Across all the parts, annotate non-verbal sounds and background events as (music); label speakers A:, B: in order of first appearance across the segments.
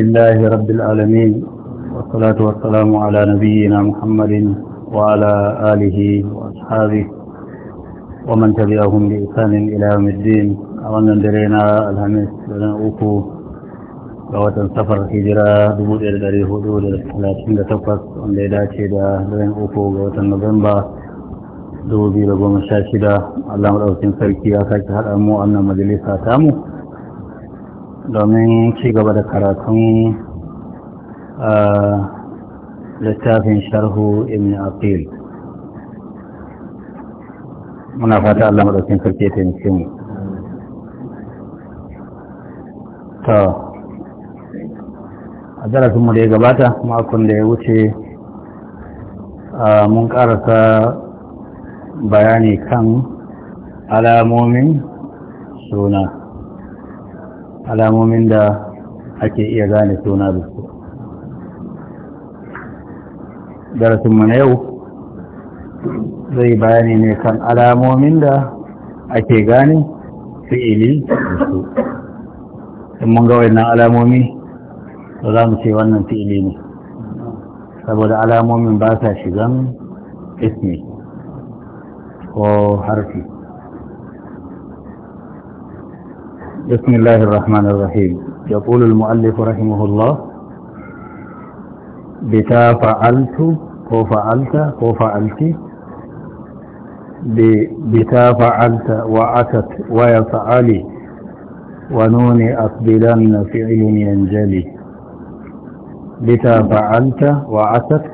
A: لله رب العالمين والصلاة والسلام على نبينا محمد وعلى آله وأصحابه ومن تبعهم بإحسان إلى يوم الدين أولا درينا الهمس لنا أوكو لغة سفر هجرة دبود إلغاري حدود لكن تفقس أن ليدا شيدا لنا أوكو لغة نوفمبر dubu biyu da goma sha shida Allah maɗaukin sarki ya sake haɗa mu wannan majalisa tamu domin ci gaba da karatun littafin sharhu ibn april, muna fata Allah madaukin karfe ta yi mu to a zarafinmu da ya gabata makon da ya wuce mun karasa bayani kan alamomin suna alamomin da ake iya gane suna da su darasinmu na yau zai bayani ne kan alamomin da ake gane ili da su in mun gawai na alamomi da za mu ce wannan ili ne saboda alamomin ba sa shigan ismi ko harfi بسم الله الرحمن الرحيم يقول المؤلف رحمه الله بتا فعلت وفعلت وفعلت بتا فعلت وعتت ويفعلي ونون أقبلن فعل ينجلي بتا فعلت وعتت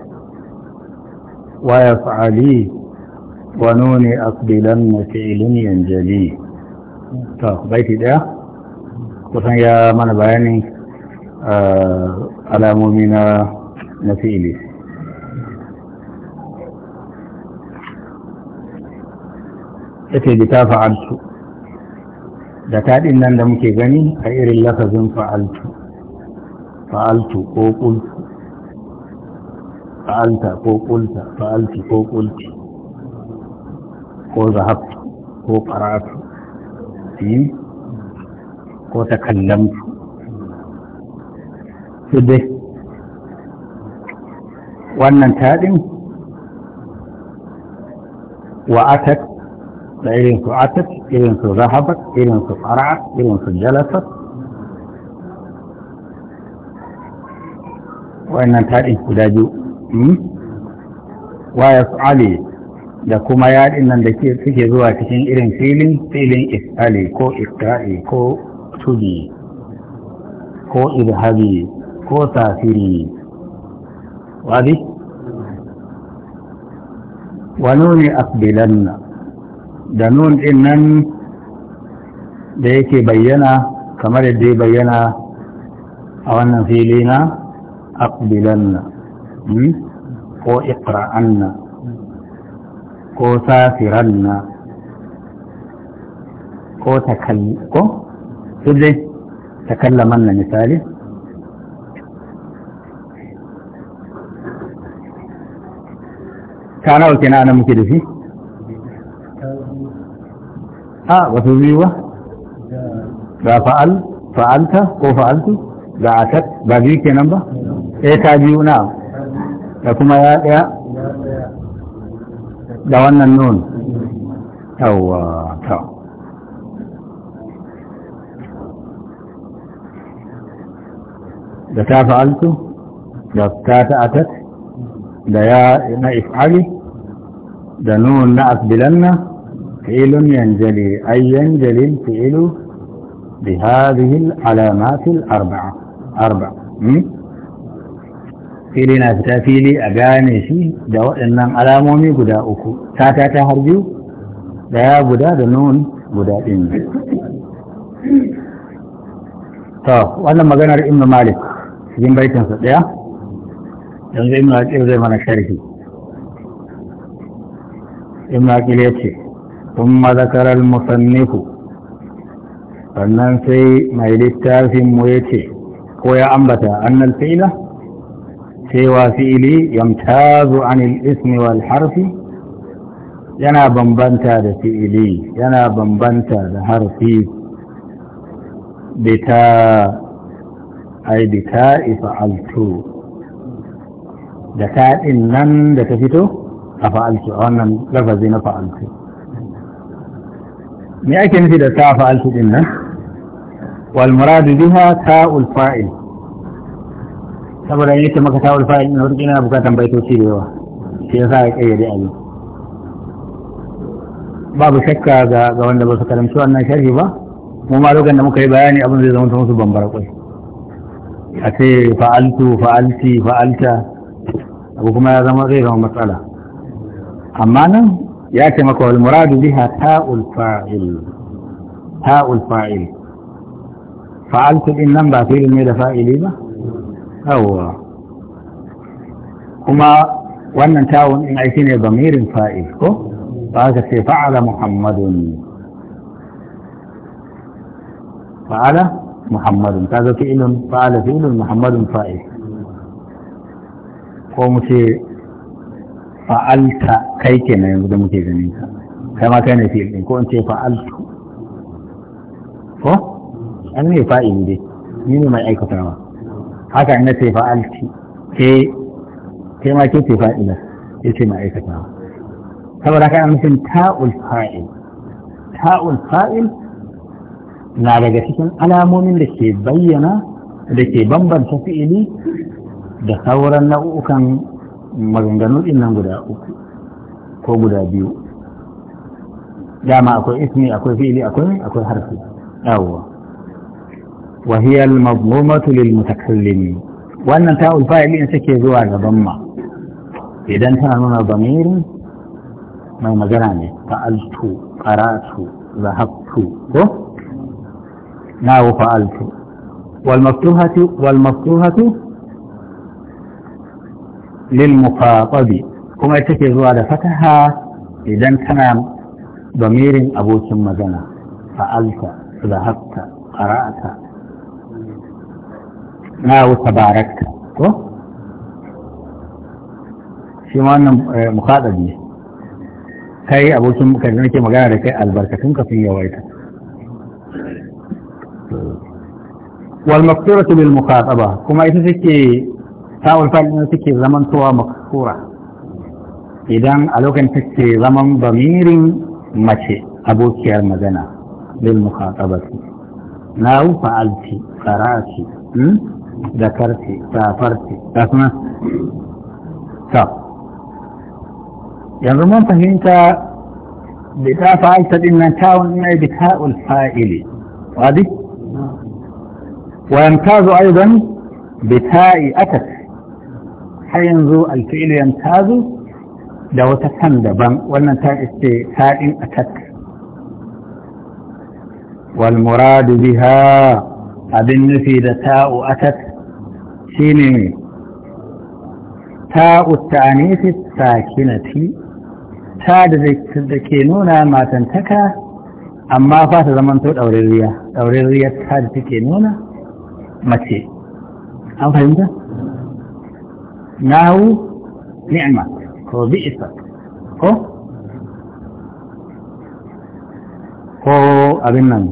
A: ويفعلي ونون أقبلن فعل ينجلي طيب بيتي ده kusan ya mana bayani alamomi na na fi'ili take bi ta fa'altu da taɗin nan da muke gani a irin lafazin fa'altu fa'altu ko ƙultu fa'alta ko ƙulta fa'alti ko ƙulti ko zahabtu ko ƙaratu ko ta kallon su dai wannan taɗin wa'atat da irin su atat irin su zahabat irin su fara irin su jalasat wannan taɗin guda biyu hmm? waya su ali da kuma yaɗin nan da suke zuwa cikin irin filin filin isali ko isra'i ko اقتدي ko ilhabi ko tafiri wadi wani nuni aqbilanna da nun din nan da yake bayyana kamar yadda ya bayyana a wannan fili na aqbilanna hmm? ko iqra'anna ko safiranna ko takalli ko sai takallaman na misali kana wa kina na muke da shi a wato biyuwa ga fa'al fa'alta ko fa'altu ga atat ba biyu kenan ba eh ta biyu na da kuma ya daya
B: da wannan nun
A: yawwa da ta fa'altu da ta ta'atat da ya na if'ali da nun na asbilanna fi'ilun yanjali ay jalin fi'ilu bi hadhihi al-alamat al-arba'a arba fili na fita fili a gane shi da waɗannan alamomi guda uku ta ta ta har biyu da ya guda da nun guda ɗin to wannan maganar ibnu malik cikin baitinsa ɗaya yanzu ibn zai mana sharhi ibn aqil ya ce thumma zakara al sannan sai mai littafin mu yace ko ya ambata annal fi'la cewa fi'ili yamtazu anil ismi wal harfi yana bambanta da fi'ili yana bambanta da harfi bita ai bi ta'i fa'altu da ta'in nan da ta fito a fa'altu a wannan lafazi na fa'altu me ake nufi da ta fa'altu din nan wal muradu biha ta'ul fa'il saboda yake maka ta'ul fa'il na wurin ina bukatan baitoci da yawa shi ya yasa ya kayyade abin babu shakka ga wanda ba su karamci wannan sharhi ba mu ma lokacin da muka yi bayani abin zai zama musu bambara kwai a ce fa'altu fa'alti fa'alta abu kuma ya zama zai zama matsala amma nan ya ce maka wal muradu biha ta'ul fa'il ta'ul fa'il fa'altu din nan ba fi'il ne da fa'ili ba yawwa kuma wannan ta'un in aiki ne bamirin fa'il ko ba ka ce fa'ala muhammadun fa'ala muhammadun ta ga fi'ilun fa'ala fi'ilun muhammadun fa'il ko mu ce fa'alta kai kenan yanzu da muke ganin ka ma kai ne ko in ce fa'altu ko an ne fa'il dai ni ne mai aikatawa haka in ce fa'alti ke ma ke ce fa'ila ke ce an ta'ul fa'il na daga cikin alamomin da ke bayyana da ke bambanta fi'ili da sauran nau'ukan maganganu ɗin nan guda uku ko guda biyu dama akwai ismi akwai fi'ili akwai akwai harfi yawwa wa hiya al-madmumatu lil mutakallim wannan ta'ul fa'ili in take zuwa gaban ma idan tana nuna damirin mai magana ne fa'altu qara'tu zahabtu ko ناو فعلت والمفتوحة والمفتوحة للمخاطب كما يتكي زوال فتحها إذا كان ضمير أبو ثم زنا فعلت ذهبت قرأت ناو تباركت shi ma مخاطب كي أبو ثم ka da nake magana da kai albarkatun wal maqsuratu bil muqataba kuma ita take ta'ul fa'il take zamantowa maqsura idan a lokacin take zaman bamirin mace abokiyar magana bil muqatabati na fa'alti ذكرتي سافرتي تسمع طب yanzu mun fahimta da ta fa'alta din nan tawon ويمتاز أيضا بتاء أتت حين ذو الفعل يمتاز دو تسند ولمتاء استفاء أتت والمراد بها أبن في تاء أتت سينمي تاء التانيث الساكنة تاء ذكي نونا ما تنتكى amma fa ta zaman to ɗaurariya ɗaurariya ta da take nuna mace an fahimta nahu ni'ma ko bi'isa ko ko abin nan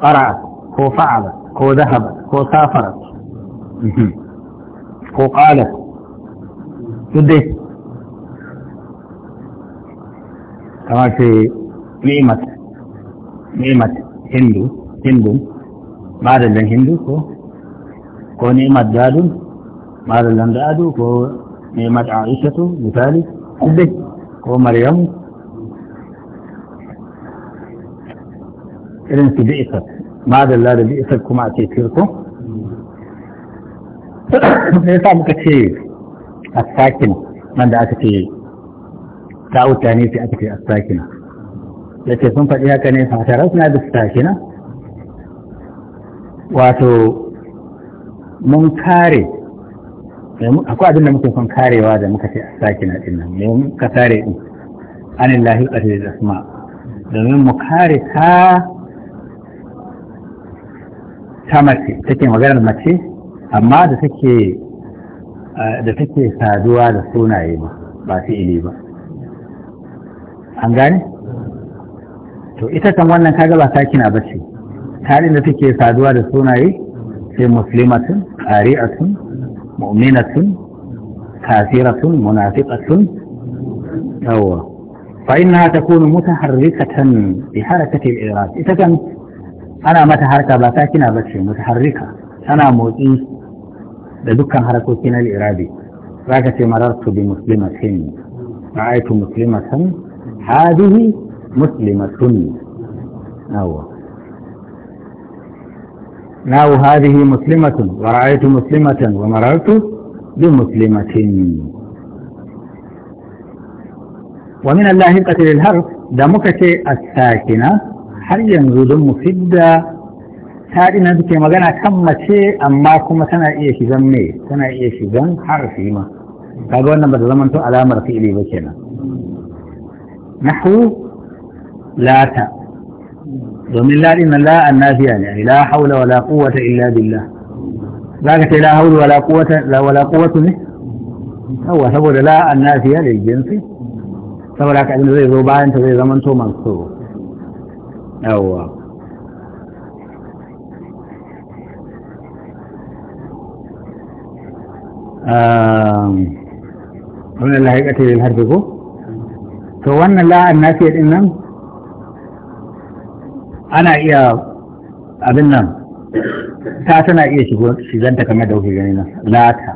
A: ara ko fa'ala ko dhahaba ko safara ko qala tudde kama ce ni'mat ni'mat hindu hindu madallan hindu ko ko ni'mat dadun madallan dadu ko ni'mat aishatu misali duk ko Maryam irin su bi'isar madalla da bi'isar kuma a ce firko sai sa muka ce a sakin nan da aka ce ta wuta ne sai aka ce a sakina ya sun faɗi haka ne fatarar suna bisa na wato mun kare akwai abinda muke son karewa da muka ce a sakina ɗin nan ne muka kare an yi lahi ƙasar da asma domin mu kare ta ta mace take maganar mace amma da take eh, da take saduwa da sunaye ba ba su ili ba an gane to ita kan wannan kaga ba sakina ba ce halin da take saduwa da sunaye sai muslimatun ari'atun mu'minatun kafiratun munafiqatun yawa fa innaha takunu mutaharrikatan bi harakati al-i'rab ita kan ana mata harka ba sakina ba ce mutaharrika tana motsi da dukkan harakoki na al-i'rabi zaka ce marartu bi muslimatin ra'aytu muslimatan hadhihi مسلمة ناو ناو هذه مسلمة ورأيت مسلمة ومررت بمسلمة ومن الله قتل الهرف دمك شيء الساكنة هل ينظلم في الدا ساكنة بك مغانا كم شيء أما كم سنة إيش زمي سنة إيش زم حرفي ما قالوا أنا بدلمنت على مرفئ لي بكنا نحو لا تا ومن لا إن لا النافية يعني. يعني لا حول ولا قوة إلا بالله ذلك لا حول ولا قوة لا ولا قوة هو ثبوت لا النافية للجنس ثبوت لك أن تغير ربان تغير زمن تو منصور أو من الله يأتي للهربكو فوانا لا النافية إنم ana iya abin nan ta tana iya shigo shiganta kamar da kuke gani nan lata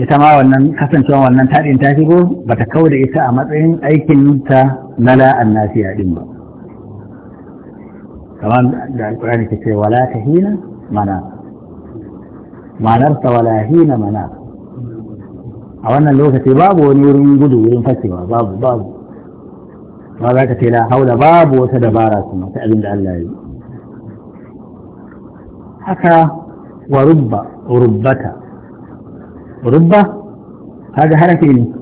A: ita ma wannan kasancewa wannan taɗin ta shigo ba ta kawo da ita a matsayin aikin ta na la'an nasiya ɗin ba kamar da alƙurani ke ce wala ta hina mana manarsa wala hina mana a wannan lokaci babu wani wurin gudu wurin fashewa babu babu ما ذاك تلا حول باب وتدبارا ثم تأذن لله حكى ورب وربتا ربة هذا هلكين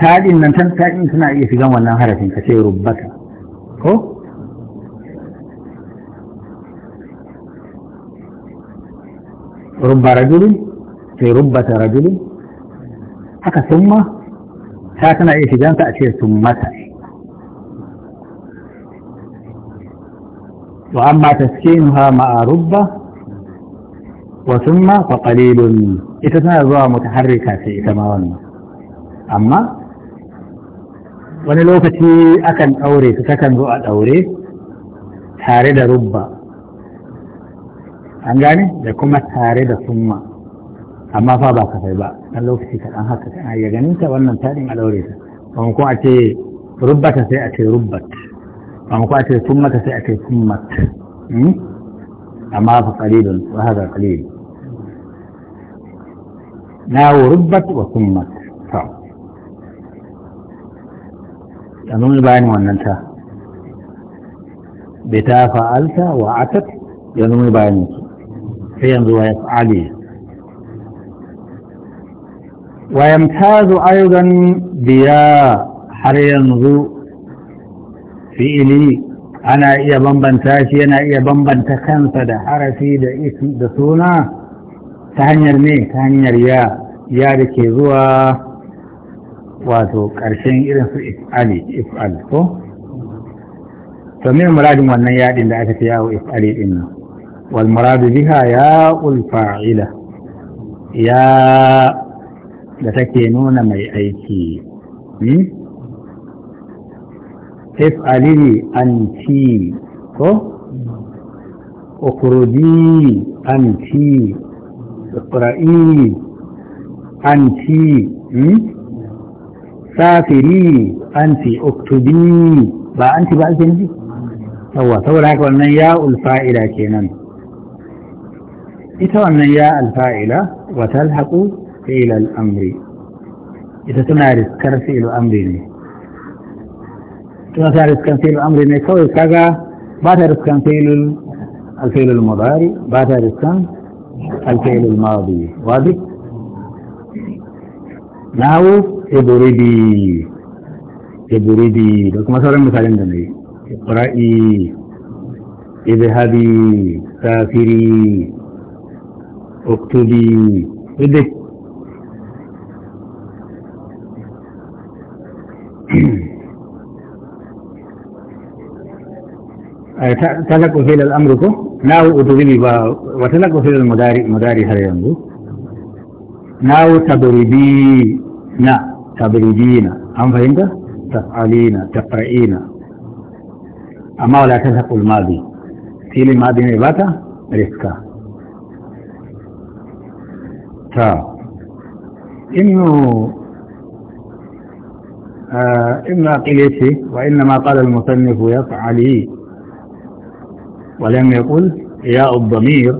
A: تاج من تنسى إن سنا إيه في جو ولا هلكين كشيء ربتا هو رب رجل في ربة رجل حكى ثم هاتنا إيه في جو تأشير ثم تأشير وأما تسكينها مع ربة وثم فقليل إتتنازوا متحركة في إتماوان أما wani lokaci akan ɗaure su takan zo a ɗaure tare da rubba an gane da kuma tare da summa amma fa ba kafai ba ɗan lokaci kaɗan haka kana iya ganin ta wannan tarin a ɗaure ta kuma a ce rubbata sai a ce rubbat أما قاتل ثمة تأتي ثمة أما قليل وهذا قليل ناو ربت وثمت فعل أظن الباين وأننت بتا فعلت وعتت يظن الباين فينظر ويفعلي ويمتاز أيضا بيا حرينظر fi'ili ana iya bambanta shi yana iya bambanta kansa da harafi da da suna ta hanyar ne ta hanyar ya ya da ke zuwa wato ƙarshen irin su if'ali if'ali ko to min muradin wannan yaɗin da aka fi yawo if'ali din nan wal muradu biha ya ulfa'ila ila, ya da take nuna mai aiki hmm? افعلي انت كو اقربي انت اقرئي انت أمم. سافري انت اكتبي با انت با انت سوا سوا لك وانا يا الفائلة كينا إذا وانا يا الفائلة وتلحق إلى الأمر إذا تنارس كرسي الأمر أمرني كما تعرف كان فعل الأمر ما يسوي كذا ما تعرف كان فعل الفعل المضارع ما تعرف كان الفعل الماضي واضح ناو اضربي اضربي لك مثلا مثالين دمي اقرأي اذهبي سافري اكتبي اده (clears throat) آه، تلقوا فيل الأمر كو ناو با وتلقوا فيل المداري مداري هر ينزو ناو تضربي نا هم فهمت تفعلين تقرئين أما ولا تلحق الماضي فيل الماضي نباتا رفكا تا إنو آه إما قيل وإنما قال المصنف يفعلي ولم يقل ياء الضمير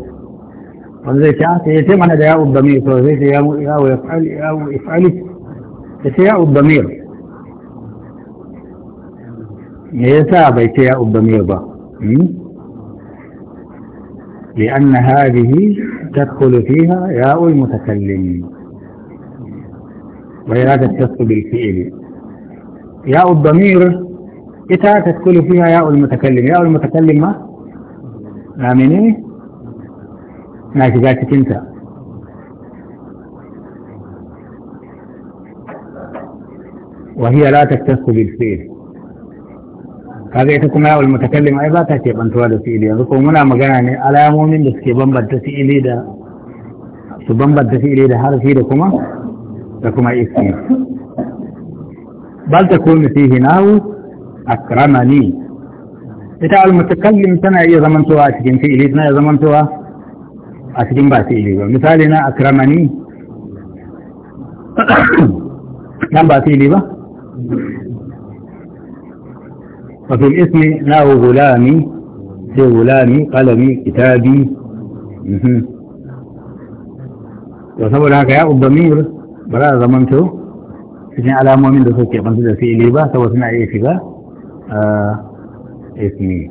A: وزي تعرف يتم على ياء الضمير فزي ياء يفعل ياء يفعل ياء الضمير يتابع إيه ياء الضمير لأن هذه تدخل فيها ياء المتكلم وهي لا تتصل بالفعل ياء الضمير إذا تدخل فيها ياء المتكلم ياء المتكلم ما آمني ما تقاتك انت وهي لا تكتس بالفيل هذا يتكم هؤلاء المتكلم ايضا تاتي بانتوال فيلي يذكر منا مجاني على مؤمن بس كي بمبا تسئلي دا سبمبا تسئلي دا هذا فيه لكما لكما بل تكون فيه ناو اكرمني إذا المتكلم سنة إيه زمنتها أشكين في إليتنا إيه زمنتها أشكين بها في إليتنا مثالنا أكرمني (coughs) كم بها في إليتنا وفي الاسم ناو غلامي في غلامي قلمي كتابي وصبر هكا يا الضمير براء زمنته سجن على مؤمن دسوكي قنصد في إليتنا سوى سنة إيه فيها آه اسمي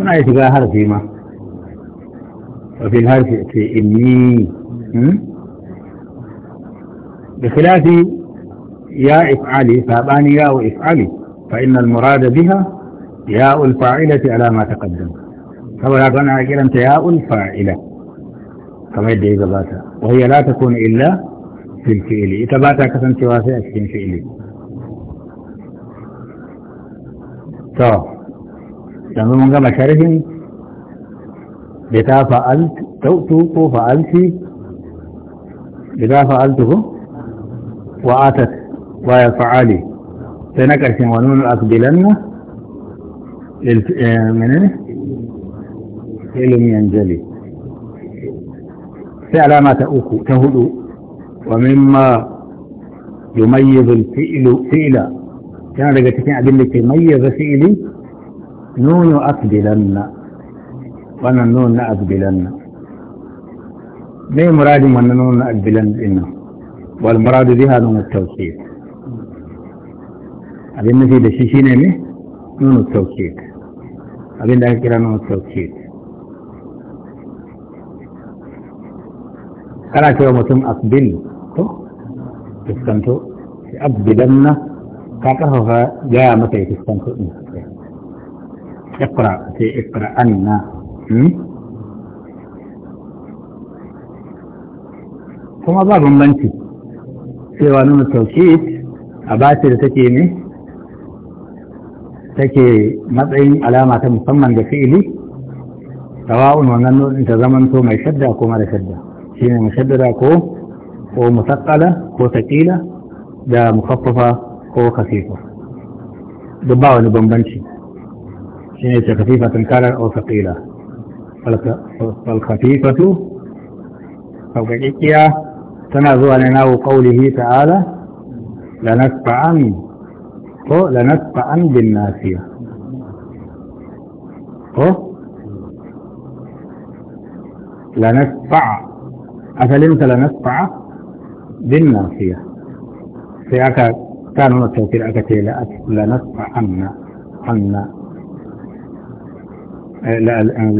A: هنا يتبع هرفي ما وفي الهرفي في إني بخلاف يا إفعالي فأباني يا إفعالي فإن المراد بها ياء الفاعلة على ما تقدم فهو لا تنعى كلمة ياء الفاعلة كما يدعي ذباتها وهي لا تكون إلا في الفئلي إتباتها كثم تواسع في الفئلي to yanzu mun gama sharhin da ta fa'altu ko fa'alti da ta fa'altu ko wa atat wa ya fa'ali sai na ƙarshen wani nuna akbilanna menene ilimin yanjali sai alama ta uku ta hudu wa mimma yumayyiz al-fi'lu fi'la yana daga cikin abin da ke mayyaza fi'ili nunu asbilanna wannan nunu na asbilanna me muradin wannan nunu na asbilanna din nan wal muradu biha nunu tawkid abin nufi da shi shine ne nunu tawkid abin da aka kira nunu tawkid kana cewa mutum asbil to fuskanto asbilanna ka kafafa gaya masa ya fiskan kuɗi ikra sai ikra na. Hmm? kuma ba bambanci cewa nuna tauki a bashi da take ne take matsayin alama ta musamman da fi'ili tawa'un wannan nuna ta zamanto mai shadda ko mara shadda shine mushaddada ko ko saƙala ko saƙila da mukaffafa ko kafifa duk ba wani bambanci shi ne ce kafifatun kanar au saƙila falkafifatu sauƙaƙiƙiya tana zuwa ne nawo ƙaulihi ta'ala lanasfa'an ko lanasfa'an bin nasiya ko lanasfa'a asalinsa lanasfa'a bin nasiya sai aka كان هنا التوكيل أكتيلا لنصف لنسفعن عنا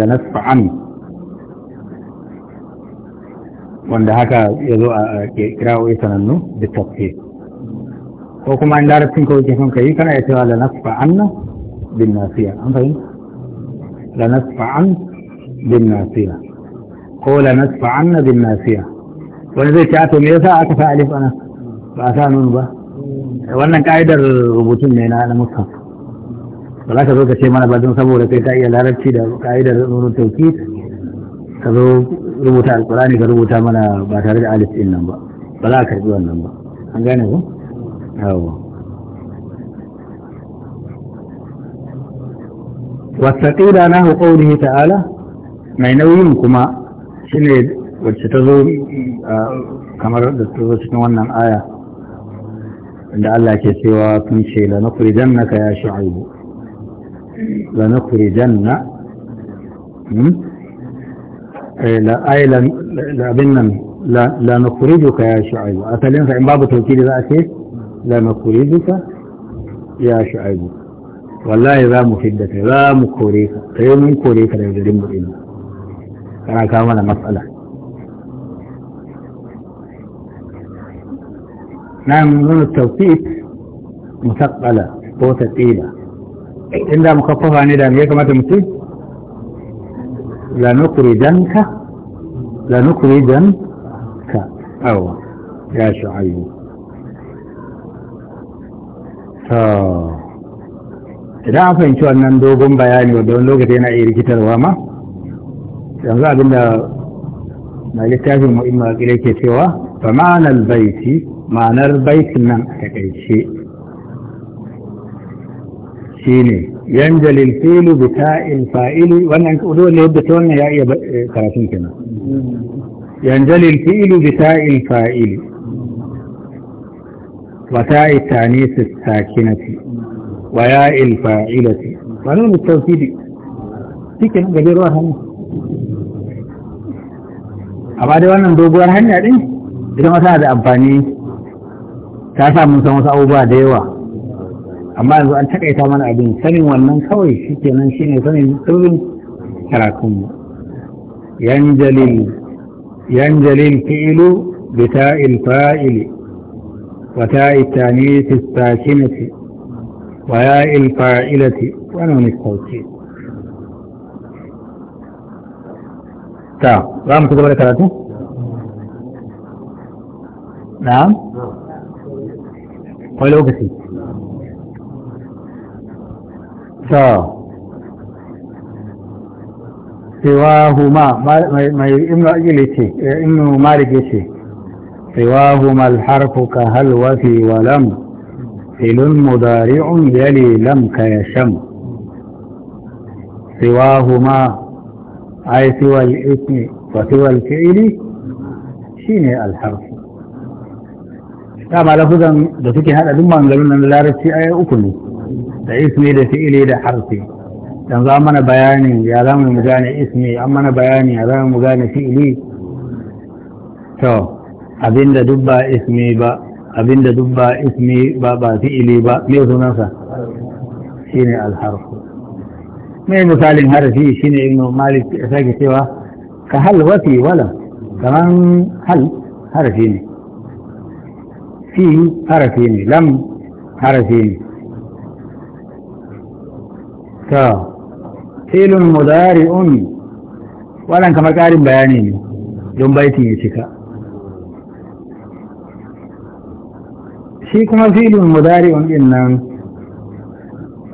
A: لنصف عن وعند هكا يذوء كراو يسننو بالتطفيل وكما عند عرب تنكو كيفان كي كان يتوى لنصف عنا بالناسية أنفهم لنصف عن طيب؟ قول نصف عنا بالناسية ونزل كاتو ميزا أنا فأثانون به wannan ka'idar rubutun ne na musa ba za ka zo ka ce mana ba don saboda kai ta iya larabci da ka'idar nuna tauki ka zo rubuta alkurani ka rubuta mana ba tare da alif din nan ba ba za ka karbi wannan ba an gane ko yawa tsira na qawlihi ta'ala mai nauyin kuma shine wacce ta zo kamar da ta zo cikin wannan aya inda Allah ke cewa kun ce la nukhrijannaka ya shu'aib la nukhrijanna la ailan la binnan la nukhrijuka ya shu'aib asalin sa in babu tawkili za a ce la nukhrijuka ya shu'aib wallahi za mu fidda ka za mu kore ka sai mun kore ka daga garin mu ina kana kawo mana matsala nan nuna tawfiq mustaqbala ko taqila inda mukaffafa ne da me kamata mu ce la nukridanka la nukridanka ya idan an fahimci wannan dogon bayani wanda wani lokaci yana iya rikitarwa ma yanzu abinda na littafin mu'imma kila ke cewa فمعنى البيت معنى البيت من شيء شيني ينجل الفيل بتاء الفائل وانا قولوا اللي يبدأ تونا يا إيا إيه ثلاثين كنا ينجل الفيل بتاء الفائل وتاء التانيث الساكنة وياء الفائلة ونون التوكيد شكرا قدير واحد أبعد وانا ندوبوا هنيا يعني Idan wata tana da amfani ta sa mun san wasu abubuwa da yawa amma yanzu an takaita mana abin sanin wannan kawai shi kenan shine sanin sirrin karatunmu Yan Jalil fi'ilu bi ta'il fa'ili wa ta'i tanisi sakinati wa ya'il fa'ilati wa ne tawkid ta za mu ci gaba da karatu na'am wani lokaci to sewa huma mai imnu ajili ce eh, imnu marige ce sewa huma alharfu ka halwa fi walam filin mudari'un yali lam ka yasham سواهما أي سوى الإثم وسوى الفعل شين الحرف dama lafuzan da suke hada duk mangalun nan larabci ayi uku ne da ismi da fi'ili da harfi dan an mana bayani ya za mu gane ismi an mana bayani ya za mu gane fi'ili to abinda duk ba ismi ba abinda duk ba ismi ba ba fi'ili ba me sunansa shine alharfu me misalin harfi shine ibnu malik ya sake cewa ka hal wati wala kaman hal harfi ne فيه حرفين ne lam harafi ne ta filin كما wannan kamar ƙarin bayani ne شيء كما ya cika shi kuma filin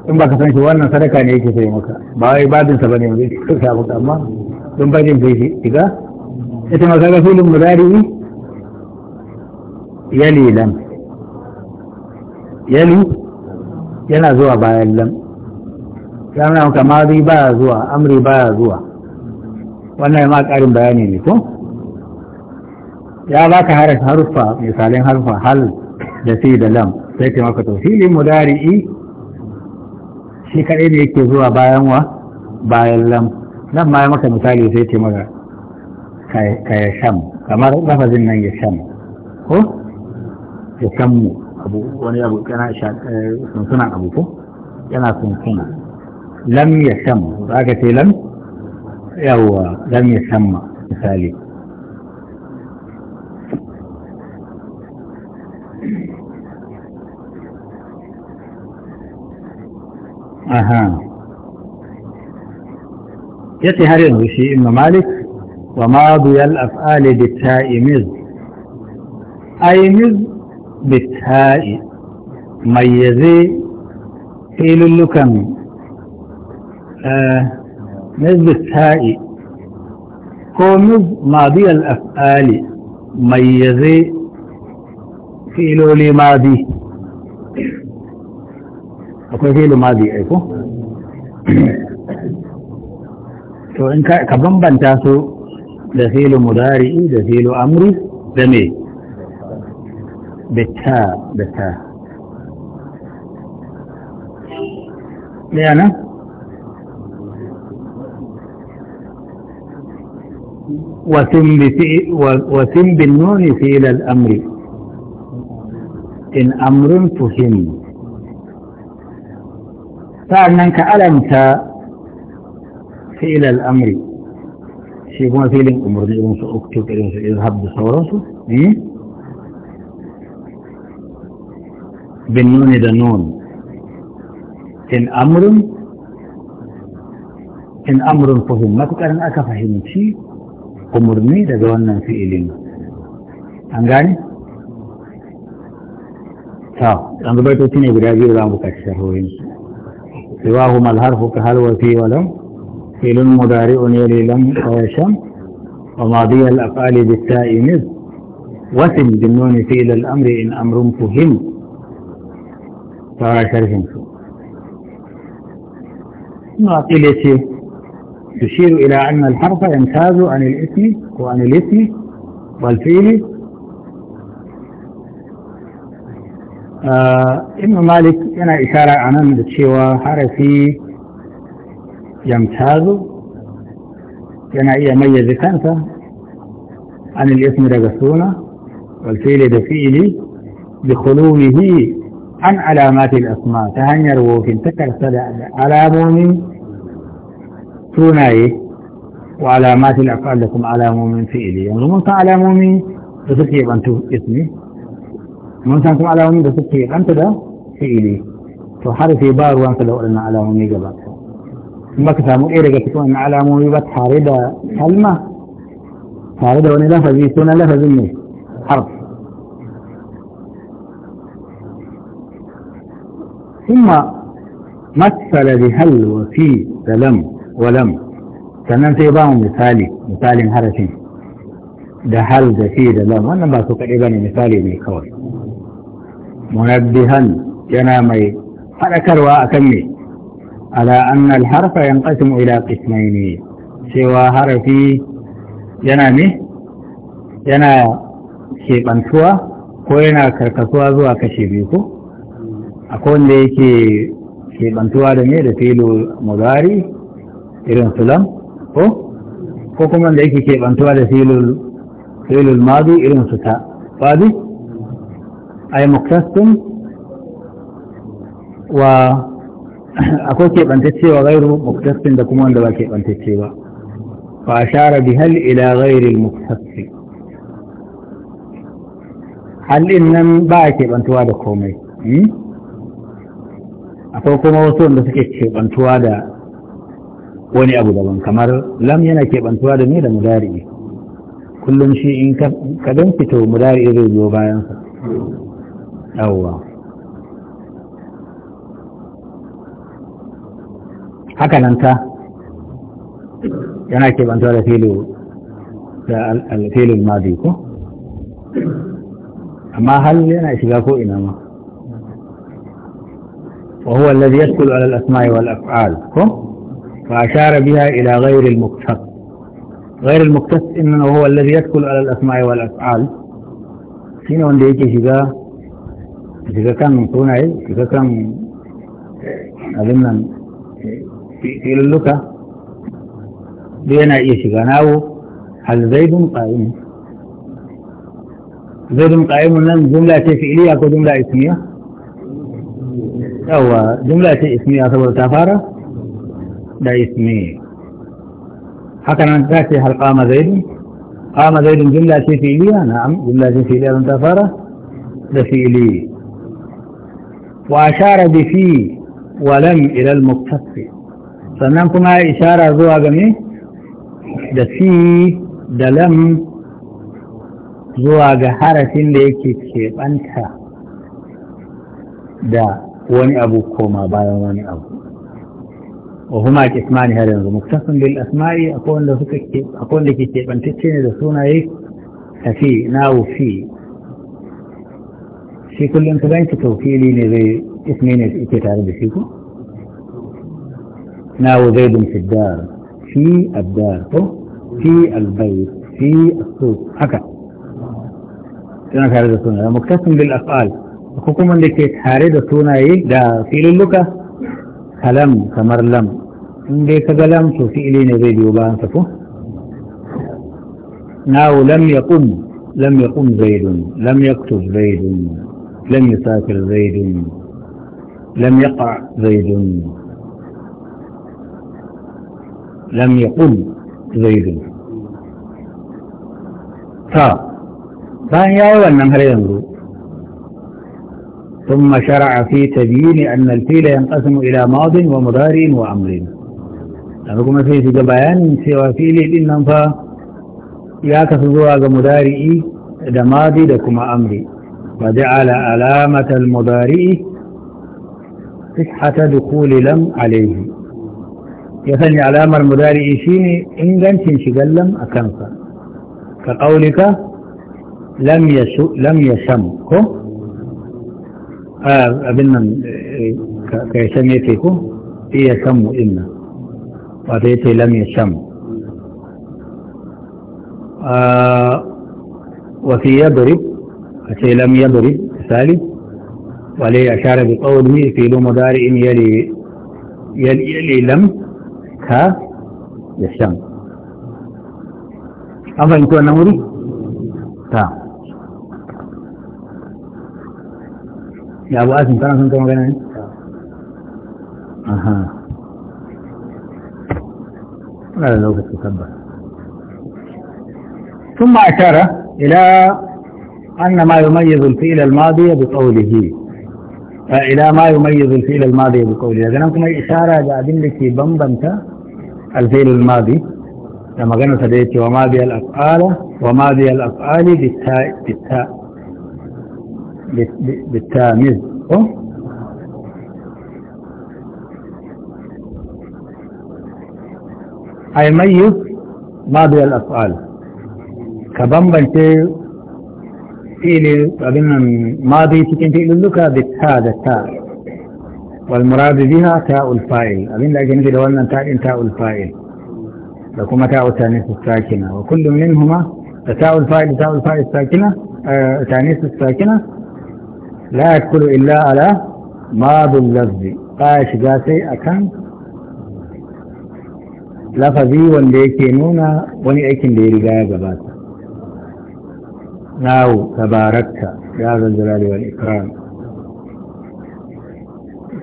A: in ba ka san shi wannan sadaka ne yake sai maka ba wai babinsa ba ne ba zai samu amma don baitin sai diga ita ma kaga filin mudari yali lam yali yana zuwa bayan lam ya nuna maka mari baya zuwa amri baya zuwa wannan ma karin bayani ne ko ya ba ka harfa misalin harfa hal da fi da lam sai ke maka tauhili mudari'i shi kaɗai ne yake zuwa bayan wa bayan lam nan ma ya maka misali sai ce maka ka ya sham kamar lafazin nan ya sham ko ya abu wani abu kana yana sunan abu ko yana sunsuna lam ya sammu za ce lam yawa lam ya samma misali aha yace har yanzu shi ibn malik wa ma madiyal af'ali bit ta'imiz aimiz بتها ميزي فيل اللكم نزب آه، التائي كومز ماضي الأفعال ميزي فيل لي ماضي أقول فيل ماضي أيكو تو إنك كبنبن تاسو دخيل مداري دخيل أمري دمي بالتاء بالتاء ليه أنا؟ وثم, وثم بالنون في إلى الأمر إن أمر تهم فأنك ألمت في إلى الأمر شيء يقول في الأمر يذهب بصورته إيه؟ بالنون ده نون ان امر ان امر فهم ما كنت انا اكا فهمتي امرني ده جوانا في الين انغاني تا عند بيت تيني غدا غير لا هو شهوين سواه مال حرف كهل وفي ولا في المضارع يلي لم قوشم وماضي الافعال بالتاء مذ وسم بالنون في الى الامر ان امر فهم ta sharhin su يشير إلى أن الحرف يمتاز عن الاسم وعن الاسم والفعل آه ابن مالك أنا إشارة عن أن بتشيوى حرفي يمتاز أنا إيا ميز كانت عن الاسم رجسونا والفعل دفيلي بخلوه عن علامات الأسماء تهني روكين تكرس على مؤمن ثنائي وعلامات الأفعال لكم على مؤمن فئلي يعني منصى على مؤمن بسكي بانتو اسمي منصى لكم على مؤمن بسكي بانتو ده فئلي فحرف بار وانت لو قلنا على مؤمن جبات مكثا مؤيرة كتبوا ان على مؤمن بات حاردة حلمة حاردة وانا لفظي سونا لفظي حرف ثم مثل بهل وفي ولم ولم sannan sai ba mu misali misalin harafin da hal da fi da lam wannan ba su kaɗai ba ne misali ne kawai munabbihan yana mai faɗakarwa a kan ne ala annal harfa yan ƙasimu ila ƙismai ne cewa harafi yana ne yana keɓantuwa ko yana karkasuwa zuwa kashe biyu ko akwai wanda yake keɓantuwa da ne da filo mudari irin sulam ko ko kuma wanda yake keɓantuwa da filo madu irin su ta fadi ai muktastun wa (clears throat) akwai keɓantacce wa gairu muktassin da kuma wanda ba keɓantacce ba fa ashara bi hal ila ghairi muktassi halin nan ba a keɓantuwa da komai hmm? akwai kuma wasu wanda suke keɓantuwa da wani abu daban kamar lam yana keɓantuwa da ni da mudari kullum shi in ka don fito mudari zai zo bayansa yawwa haka nan ta yana keɓantuwa da filo da alfilin madi ko amma hal yana shiga ko ina ma وهو الذي يدخل على الأسماء والأفعال فأشار بها إلى غير المكتف غير المكتف إنه هو الذي يدخل على الأسماء والأفعال هنا عندي يجي شجاة شجاة كان صنعي اذا كان أظن في اللوكة بينا إيه شجاة ناو هل زيد قائم زيد قائم لن جملة تفعيلية أو جملة اسمية yawa jumla ce a saboda ta fara da ismi haka nan ta ce hal kama zaidun qama zaidun jumla ce fi'liya na'am jumla ce fi'liya don ta fara da fi'li wa shara bi fi wa lam ila sannan kuma ya ishara zuwa game da fi da lam zuwa ga harafin da yake keɓanta da wani abu koma bayan wani abu wa huma kismani har yanzu muktasan bil asma'i akwai wanda suka ke akwai wanda ke kebantacce ne da sunaye tafi nawu fi shi kullum ka ganci tawfili ne zai ismi ne yake tare da shi ko nawu zaidun fi dar fi ad-dar ko في البيت في السوق هكذا كما كان هذا السنة مكتسم بالأفعال hukuman da ke tare da sunaye da filulluka kalam kamar lam in dai ka ga lam to fi'ili ne zai biyo bayan sa ko nawo lam yaqum lam yaqum zaidun lam yaktub zaidun lam yusafir zaidun lam yaqa zaidun lam yaqum zaidun ta bayan yayi wannan har yanzu ثم شرع في تبيين أن الفيل ينقسم إلى ماض ومضار وأمر لأنكم في بيان سوى فيل إنهم فا ياكس ذواق مضارئي دا ماضي لكم أمري وجعل علامة المضارئي فتحة دخول لم عليه يثني علامة المضارئي شيني إن جنت شغل لم أكنفا كقولك لم يشم لم يشم abin nan eh, karshen ya ce ko iya shan mu'in wata ya ce lam ya sham ah, wafi ya dori, a ce lam ya durib misali wale ya share bi ƙauri filo mudari in yali lam ka ya sham an fahimci wannan wuri ta ya bu asin kana san kama gane aha ana da lokaci tabbas sun ma'akara ila an ma ya bi tsaulihi a ila ma yi mai yanzu fi ilal maɗi ya bi tsaulihi daga nan kuma ishara ga abin ke bambanta alfilin maɗi da maganarsa da ya ce wa maɗi al'afala wa maɗi al'afali bitta بالتاميز أي ميز بين الأفعال كبنبنت ما قبلنا ماضي تكن لك بالتاء التاء والمراد بها تاء الفائل أبين لكن لو أن تاء تاء الفائل لكم تاء التانيث الساكنة وكل منهما تاء الفائل تاء الفائل الساكنة آه، تانيث الساكنة لا يدخل إلا على ماض اللذي قائش جاسي أكن لفظي وانديكينونا واني ايكن ديرقايا جباتا ناو تباركت يا ذا الجلال والإكرام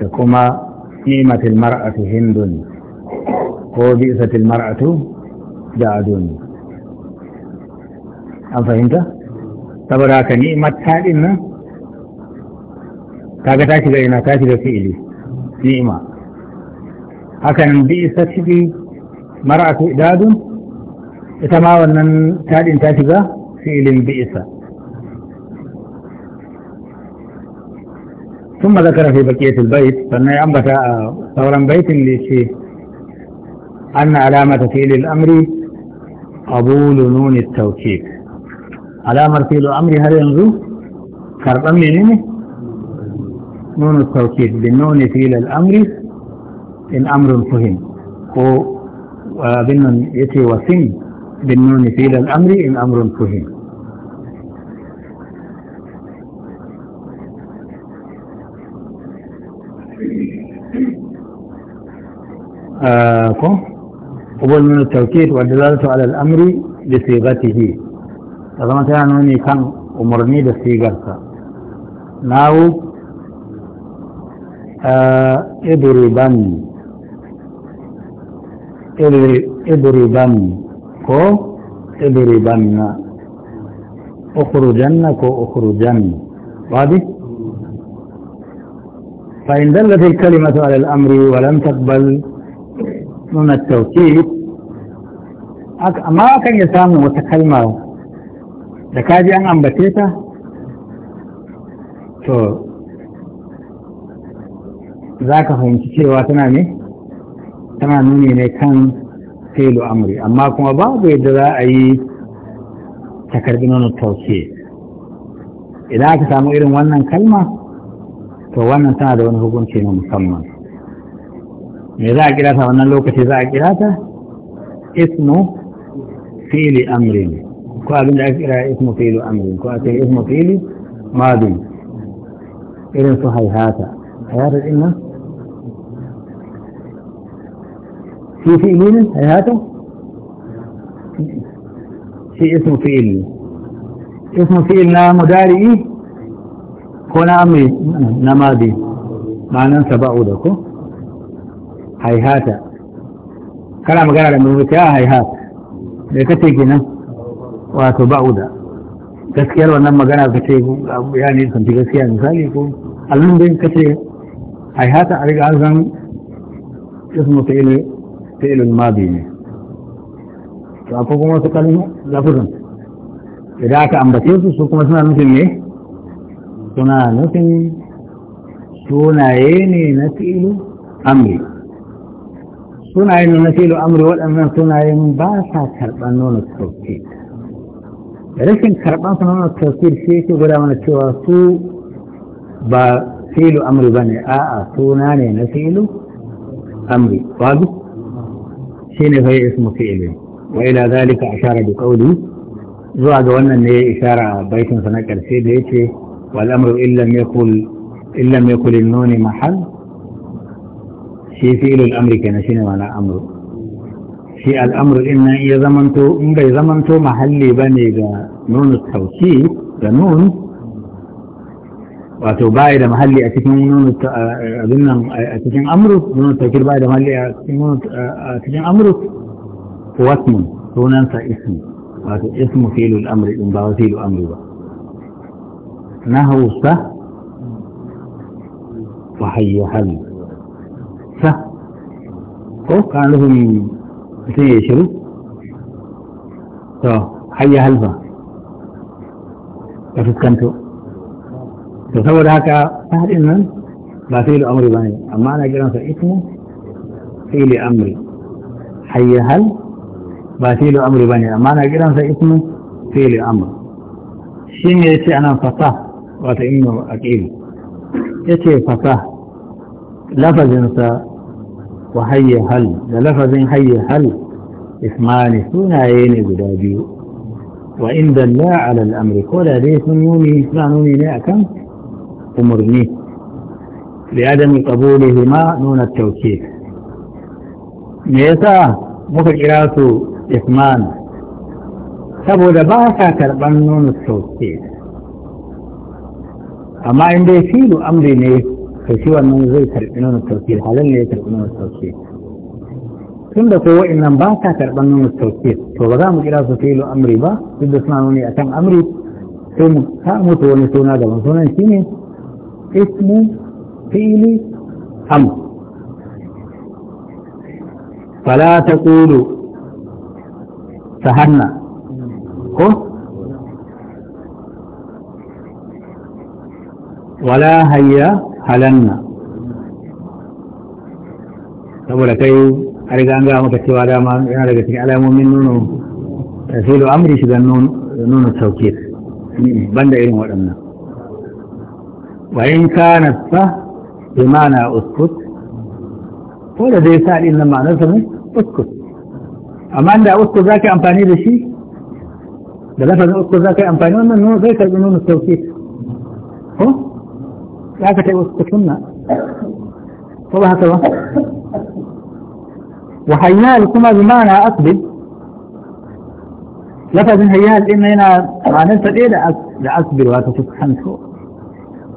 A: تكما نعمة المرأة هند وبئسة المرأة جعدون أفهمت؟ تبراك نعمة هذه kaga ta shiga ina ta shiga fi'ili ni'ima hakan bi isa mar'atu idadun ita ma wannan tadin ta shiga fi'ilin bi isa ثم ذكر في بقية البيت فأن أنبت ثورا بيت لشيء أن علامة فعل الأمر قبول نون التوكيد علامة فعل الأمر هل ينزو كربا منينه نون التوكيد بالنون فعل الأمر إن أمر فهم وبالنون يتي وسن بالنون فعل الأمر إن أمر فهم أول آه، من التوكيد والدلالة على الأمر بصيغته هذا مثلا هنا كان أمرني بصيغته ناو idriban idriban كو idriban اخرجن كو اخرجن واضح فإن دلت الكلمة على الأمر ولم تقبل من التوكيد ما كان يسامو متكلمة لكاجي أن an za ka fahimci cewa tana ne tana nuni ne kan filo amri amma kuma babu yadda za a yi takardu nono tauke idan aka samu irin wannan kalma to wannan tana da wani hukunci na musamman me za a kira wannan lokaci za a kira ta ismu fili ne ko abin da aka kira ismu fili amri? ko aka ismu fili madu irin su haihata haihata din في فعل هاته في اسم فعل اسم فعل نا مداري كنا أمي نماذي معنى سبعو دكو هاته kana magana da mulki ya haiha da kace kenan wato ba'uda gaskiyar wannan magana kace ya ne san ta gaskiya misali ko allon kace haihata a riga an san ismu fa'il ma biyu ne to akwai kuma wasu kalmu lafuzan idan aka ambace su su kuma suna nufin ne suna nufin sunaye ne na filo amri sunaye ne na filo amri waɗannan sunayen ba sa karɓar nuna tauhid rashin karɓar su nuna tauhid shi yake guda mana cewa su ba filo amri ba ne a'a suna ne na filo amri duk shine sai ismu fi'li wa ila zalika ashara bi qawli zuwa ga wannan ne ya ishara baitin sa na karshe da yace wal amru illa yakul illa yakul nun mahal shi fi'lu al-amri kenan shine ma'ana amru shi al-amru din nan ya zamanto in bai zamanto mahalli bane ga nunu tawkid ga nun wato ba da mahalli a cikin nunu abin nan a cikin amru nunu takir ba da mahalli a cikin nunu a cikin amru wasmun sunansa ismi wato ismu filul amri in ba wasilu amri ba nahu sa wa hayyu hal sa ko kaluhum sai ya shiru to hayya halfa ka fuskanto تصور هكا فهل إذن لا فعل أمري بني أما أنا قلنا فإثم فعل أمري حي هل باتيل أمر بني أما أنا قلنا فإثم فعل أمر شين يتي أنا فطه وتأمين أكيد يتي فطه لفظ نسا وحي هل لفظ حي هل إثمان سنة عيني بداجي وإن دلا على الأمر كل هذه ثنوني إثمانوني لأكمت umarni da ma nuna لعدم قبولهما نون muka kira su إثمان saboda ba sa karɓar nuna sauke amma in dai filu amri ne to shi wannan zai karɓi nuna sauke halin ne ya karɓi nuna sauke tun da kowa nan ba sa karɓar nuna sauke to ba za mu kira su filu amri ba duk da suna nuni akan amri sai mu ta mutu wani suna daban sunan shi ne اسم فعل أمر فلا تقولوا سهرنا ولا هيا halanna saboda kai a riga an gaya yana daga cikin alamomin nuno filo amri shiga nuno sauke banda irin waɗannan وإن كانت ف بمعنى أسكت ولا زي سأل إن معنى سمي أسكت أما عند أسكت ذاك أمباني لشي بلفظ أسكت ذاك أمباني وأن النور زي كالبنون التوكيد هو ذاك تي أسكت لنا طبعا هكذا وحيال كما بمعنى أقبل لفظ هيال إن هنا معنى سأل إيه لأسبر وأتفسحن فوق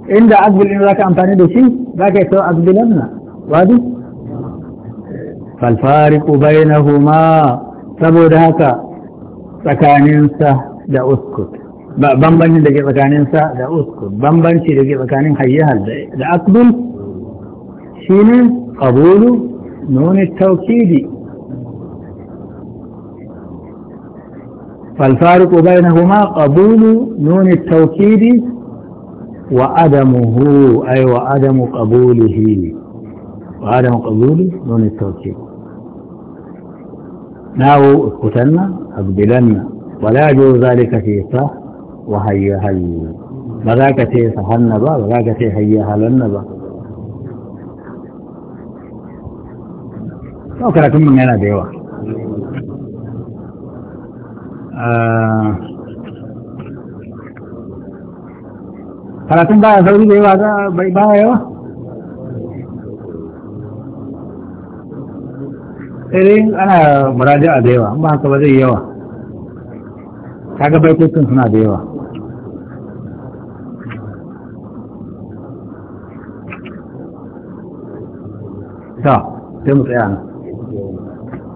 A: inda azbilin za ka amfani da shi za ka yi sau azbilan na wadu Falfari ƙubai na huma saboda haka tsakaninsa da uskut Banbancin da ke tsakaninsa da uskut bambanci da ke tsakanin hayyahal da akbil shi ne ƙabulu nuni taukidi فالفارق بينهما قبول نون التوكيد Wa adamu huu ai wa adamu qabu luhini, wa'adamu qabu luhi nuni toke na huu wala jo zali ka ce wa hayyahan yi ba ce ta ba za ce ta hayyahan laba, sau kala tuni yana da yawa. karatun baya sauri da yawa za bai baya yawa sai ana muradi a da yawa ba haka ba zai yawa kaga baikokin suna da yawa ta sai mu
B: tsaya